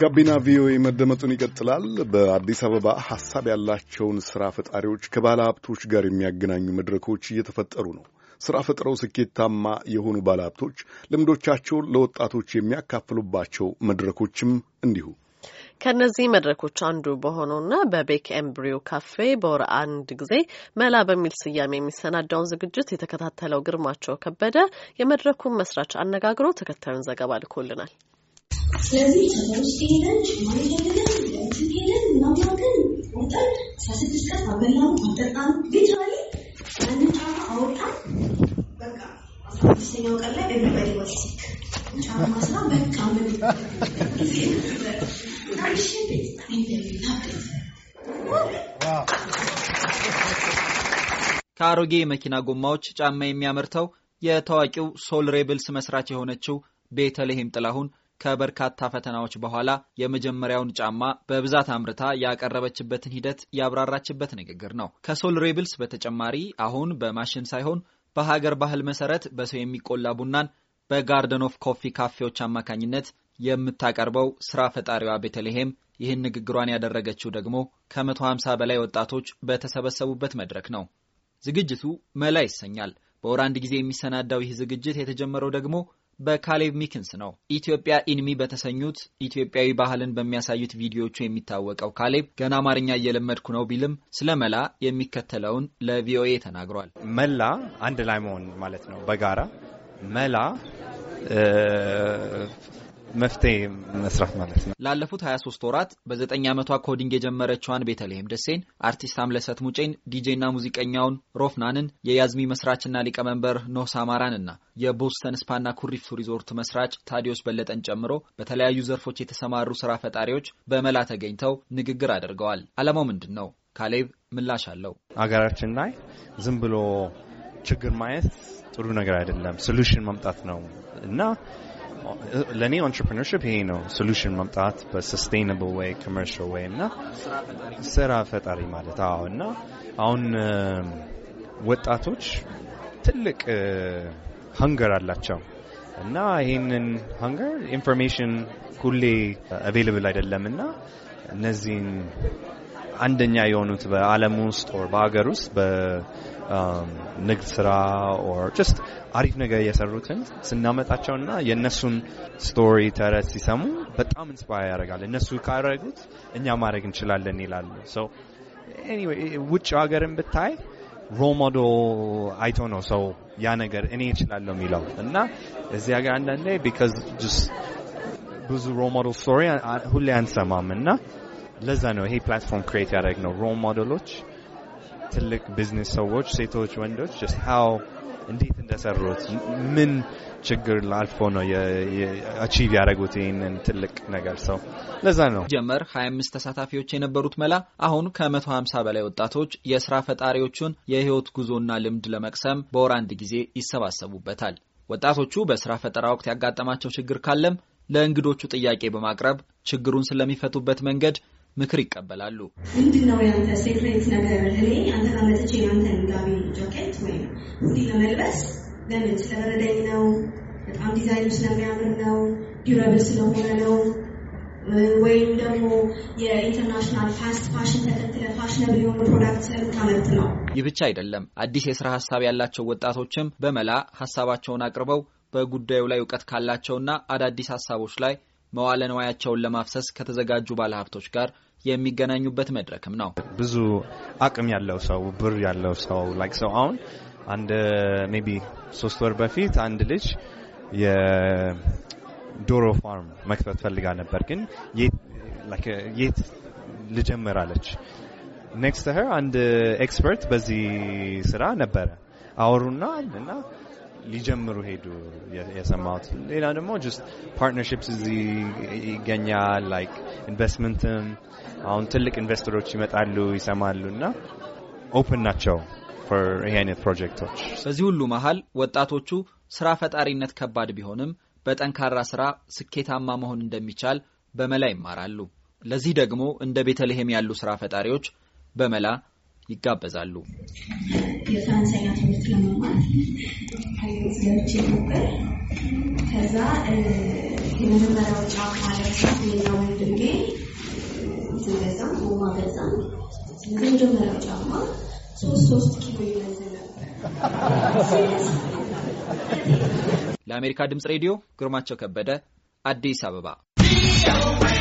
ጋቢና ቪኦኤ መደመጡን ይቀጥላል። በአዲስ አበባ ሀሳብ ያላቸውን ስራ ፈጣሪዎች ከባለ ሀብቶች ጋር የሚያገናኙ መድረኮች እየተፈጠሩ ነው። ስራ ፈጥረው ስኬታማ የሆኑ ባለ ሀብቶች ልምዶቻቸውን ለወጣቶች የሚያካፍሉባቸው መድረኮችም እንዲሁ ከነዚህ መድረኮች አንዱ በሆነውና በቤክ ኤምብሪዮ ካፌ በወር አንድ ጊዜ መላ በሚል ስያሜ የሚሰናዳውን ዝግጅት የተከታተለው ግርማቸው ከበደ የመድረኩን መስራች አነጋግሮ ተከታዩን ዘገባ ልኮልናል። ስለዚህ ሰፈር ውስጥ ሄደን ሄደን ቀን አበላን አጠጣን። ሊትራሊ ያንን ጫማ በቃ አስራ ቀን ላይ ሲክ ጫማ ስራ በቃ ምን ከአሮጌ የመኪና ጎማዎች ጫማ የሚያመርተው የታዋቂው ሶል ሬብልስ መስራች የሆነችው ቤተልሔም ጥላሁን ከበርካታ ፈተናዎች በኋላ የመጀመሪያውን ጫማ በብዛት አምርታ ያቀረበችበትን ሂደት ያብራራችበት ንግግር ነው። ከሶል ሬብልስ በተጨማሪ አሁን በማሽን ሳይሆን በሀገር ባህል መሰረት በሰው የሚቆላ ቡናን በጋርደን ኦፍ ኮፊ ካፌዎች አማካኝነት የምታቀርበው ስራ ፈጣሪዋ ቤተልሔም ይህን ንግግሯን ያደረገችው ደግሞ ከመቶ ሃምሳ በላይ ወጣቶች በተሰበሰቡበት መድረክ ነው። ዝግጅቱ መላ ይሰኛል። በወር አንድ ጊዜ የሚሰናዳው ይህ ዝግጅት የተጀመረው ደግሞ በካሌብ ሚክንስ ነው። ኢትዮጵያ ኢንሚ በተሰኙት ኢትዮጵያዊ ባህልን በሚያሳዩት ቪዲዮዎቹ የሚታወቀው ካሌብ ገና አማርኛ እየለመድኩ ነው ቢልም ስለ መላ የሚከተለውን ለቪኦኤ ተናግሯል። መላ አንድ ላይ መሆን ማለት ነው። በጋራ መላ መፍትሄ መስራት ማለት ነው። ላለፉት 23 ወራት በዘጠኝ ዓመቷ ኮዲንግ የጀመረችዋን ቤተልሔም ደሴን አርቲስት አምለሰት ሙጬን፣ ዲጄና ሙዚቀኛውን ሮፍናንን፣ የያዝሚ መስራችና ሊቀመንበር ኖህ ሳማራንና የቦስተን ስፓና ኩሪፍቱ ሪዞርት መስራች ታዲዮስ በለጠን ጨምሮ በተለያዩ ዘርፎች የተሰማሩ ስራ ፈጣሪዎች በመላ ተገኝተው ንግግር አድርገዋል። አለማው ምንድን ነው? ካሌብ ምላሽ አለው። አገራችን ላይ ዝም ብሎ ችግር ማየት ጥሩ ነገር አይደለም። ሶሉሽን ማምጣት ነው እና ለእኔ ኢንትርፕርነርሽፕ ይሄ ነው ሶሉሽን መምጣት በሰስቴናብል ወይ ኮመርሻል ወይ እና ስራ ፈጣሪ ማለት አዎ። እና አሁን ወጣቶች ትልቅ ሀንገር አላቸው እና ይህንን ሀንገር ኢንፎርሜሽን ሁሌ አቬይለብል አይደለም እና እነዚህን አንደኛ የሆኑት በዓለም ውስጥ ኦር በሀገር ውስጥ በንግድ um, ስራ ኦር ጀስት አሪፍ ነገር የሰሩትን ስናመጣቸውና የእነሱን ስቶሪ ተረት ሲሰሙ በጣም ኢንስፓየር ያደርጋል። እነሱ ካደረጉት እኛ ማድረግ እንችላለን ይላሉ። ውጭ ሀገርን ብታይ ሮሞዶ አይቶ ነው ሰው ያ ነገር እኔ እችላለሁ የሚለው እና እዚህ ሀገር አንዳንዴ ቢካዝ ብዙ ሮሞዶ ስቶሪ ሁሌ አንሰማም እና ለዛ ነው ይሄ ፕላትፎርም ክሬት ያደረግ ነው። ሮል ሞዴሎች ትልቅ ቢዝነስ ሰዎች፣ ሴቶች፣ ወንዶች ሀው እንዴት እንደሰሩት ምን ችግር አልፎ ነው አቺቭ ያደረጉት ይህንን ትልቅ ነገር ሰው። ለዛ ነው ጀመር 25 ተሳታፊዎች የነበሩት መላ አሁን ከ150 በላይ ወጣቶች የስራ ፈጣሪዎቹን የህይወት ጉዞና ልምድ ለመቅሰም በወር አንድ ጊዜ ይሰባሰቡበታል። ወጣቶቹ በስራ ፈጠራ ወቅት ያጋጠማቸው ችግር ካለም ለእንግዶቹ ጥያቄ በማቅረብ ችግሩን ስለሚፈቱበት መንገድ ምክር ይቀበላሉ። ነው ያንተ ሴክሬት ነገር? እኔ አንተ መጥቼ ያንተን ጋቢ ጃኬት ወይም ሁዲ ለመልበስ ለምን ስለበረደኝ ነው? በጣም ዲዛይኑ ስለሚያምር ነው? ዲረብል ስለሆነ ነው? ወይም ደግሞ የኢንተርናሽናል ፋስት ፋሽን ተከትለ ፋሽነብል የሆኑ ፕሮዳክት ስለምታመርት ነው። ይህ ብቻ አይደለም። አዲስ የስራ ሀሳብ ያላቸው ወጣቶችም በመላ ሀሳባቸውን አቅርበው በጉዳዩ ላይ እውቀት ካላቸውና አዳዲስ ሀሳቦች ላይ መዋለ ንዋያቸውን ለማፍሰስ ከተዘጋጁ ባለሀብቶች ጋር የሚገናኙበት መድረክም ነው። ብዙ አቅም ያለው ሰው፣ ብር ያለው ሰው ላይክ ሰው አሁን አንድ ቢ ሶስት ወር በፊት አንድ ልጅ የዶሮ ፋርም መክፈት ፈልጋ ነበር፣ ግን የት ልጀምራለች? ኔክስት ሄር አንድ ኤክስፐርት በዚህ ስራ ነበረ አወሩና እና ሊጀምሩ ሄዱ የሰማሁት። ሌላ ደግሞ ጅስት ፓርትነርሽፕስ እዚህ ይገኛል። ላይክ ኢንቨስትመንትም አሁን ትልቅ ኢንቨስተሮች ይመጣሉ ይሰማሉ፣ እና ኦፕን ናቸው ይህ አይነት ፕሮጀክቶች። በዚህ ሁሉ መሀል ወጣቶቹ ስራ ፈጣሪነት ከባድ ቢሆንም በጠንካራ ስራ ስኬታማ መሆን እንደሚቻል በመላ ይማራሉ። ለዚህ ደግሞ እንደ ቤተልሔም ያሉ ስራ ፈጣሪዎች በመላ ይጋበዛሉ። የፈረንሳይኛ ትምህርት ለመማር ሀይወት ገብቼ ነበር። ከዛ የመጀመሪያው ጫፍ ማለት ሌላ ወንድሜ ስንገዛ ማ ገዛ። የመጀመሪያው ጫማ ሶስት ሶስት ኪሎ ይመዝን ነበር። ለአሜሪካ ድምፅ ሬዲዮ ግርማቸው ከበደ አዲስ አበባ